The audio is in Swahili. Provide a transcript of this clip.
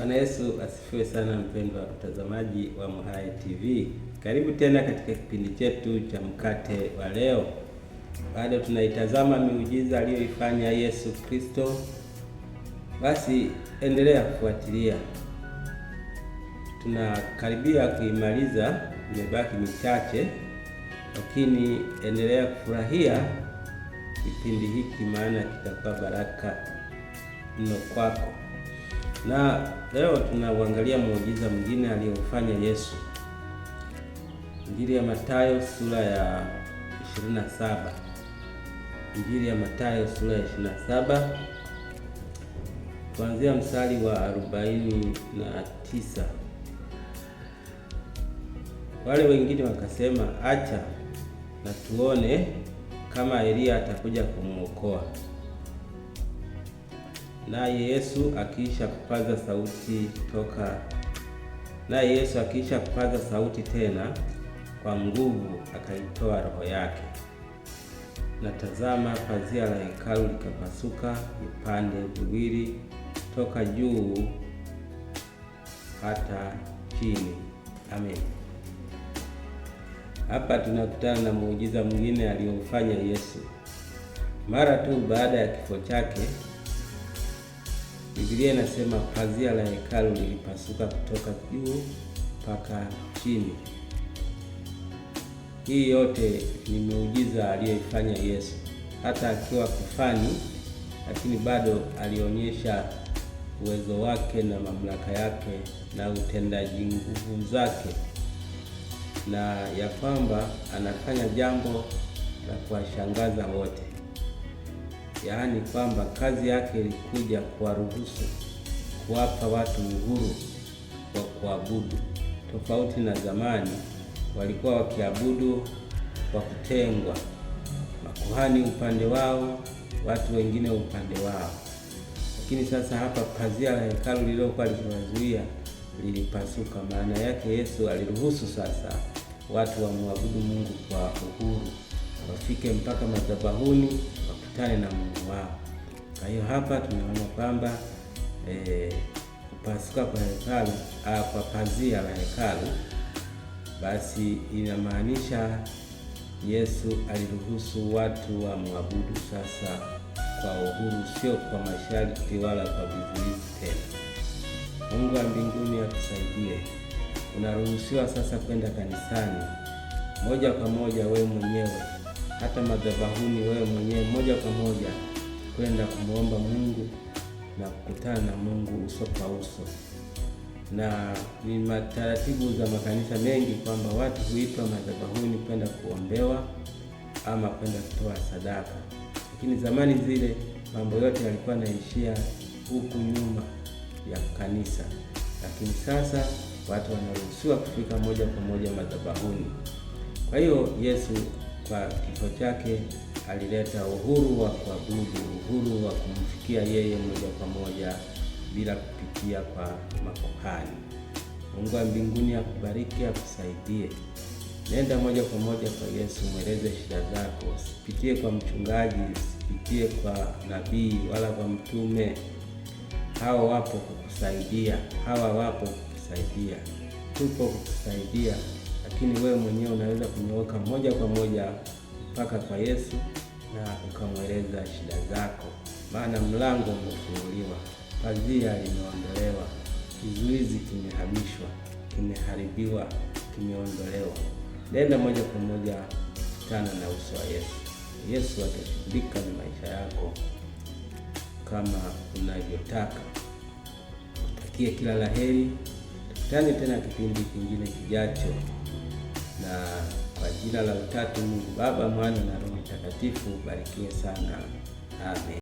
Bwana Yesu asifiwe sana, mpendwa mtazamaji wa MHAE TV, karibu tena katika kipindi chetu cha mkate wa leo. Bado tunaitazama miujiza aliyoifanya Yesu Kristo. Basi endelea kufuatilia, tunakaribia kuimaliza, imebaki michache, lakini endelea kufurahia kipindi hiki, maana kitakuwa baraka mno kwako. Na leo tunauangalia muujiza mwingine aliyofanya Yesu. Injili ya Mathayo sura ya 27. Injili ya Mathayo sura ya 27 kuanzia mstari wa 49. Wale wengine wakasema, acha na tuone kama Eliya atakuja kumwokoa naye Yesu akiisha kupaza sauti toka naye Yesu akiisha kupaza sauti tena kwa nguvu akaitoa roho yake. Na tazama, pazia la hekalu likapasuka vipande viwili toka juu hata chini. Amen. Hapa tunakutana na muujiza mwingine aliyofanya Yesu mara tu baada ya kifo chake. Biblia inasema pazia la hekalu lilipasuka kutoka juu mpaka chini. Hii yote ni miujiza aliyoifanya Yesu. Hata akiwa kufani, lakini bado alionyesha uwezo wake na mamlaka yake na utendaji nguvu zake, na ya kwamba anafanya jambo la kuwashangaza wote yaani kwamba kazi yake ilikuja kuwaruhusu kuwapa watu uhuru wa kuabudu, tofauti na zamani walikuwa wakiabudu kwa kutengwa, makuhani upande wao, watu wengine upande wao. Lakini sasa hapa pazia la hekalu lililokuwa likiwazuia lilipasuka. Maana yake Yesu aliruhusu sasa watu wamwabudu Mungu kwa uhuru wafike mpaka madhabahuni wakutane na Mungu wao. Kwa hiyo hapa tunaona kwamba e, kupasuka kwa hekalu ah, kwa pazia la hekalu, basi inamaanisha Yesu aliruhusu watu wa mwabudu sasa kwa uhuru, sio kwa masharti wala kwa vizuizi tena. Mungu wa mbinguni atusaidie. Unaruhusiwa sasa kwenda kanisani moja kwa moja wewe mwenyewe hata madhabahuni wewe mwenyewe moja kwa moja kwenda kumwomba Mungu na kukutana na Mungu uso kwa uso. Na ni mataratibu za makanisa mengi kwamba watu huitwa madhabahuni kwenda kuombewa ama kwenda kutoa sadaka, lakini zamani zile mambo yote yalikuwa yanaishia huku nyuma ya kanisa, lakini sasa watu wanaruhusiwa kufika moja kwa moja madhabahuni. Kwa hiyo Yesu kwa kifo chake alileta uhuru wa kuabudu, uhuru wa kumfikia yeye moja kwa moja bila kupitia kwa makuhani. Mungu wa mbinguni akubariki, akusaidie. Nenda moja kwa moja kwa Yesu, mweleze shida zako. sipitie kwa mchungaji, sipitie kwa nabii wala kwa mtume. Hawa wapo kukusaidia, hawa wapo kukusaidia, tupo kukusaidia lakini wewe mwenyewe unaweza kunyooka moja kwa moja mpaka kwa Yesu na ukamweleza shida zako, maana mlango umefunguliwa, pazia limeondolewa, kizuizi kimehamishwa, kimeharibiwa, kimeondolewa. Nenda moja kwa moja, kutana na uso wa Yesu. Yesu atashughulika na maisha yako kama unavyotaka. Utakie kila laheri, tukutane tena kipindi kingine kijacho na kwa jina la utatu Mungu Baba, Mwana na Roho Mtakatifu, ubarikiwe sana. Amen.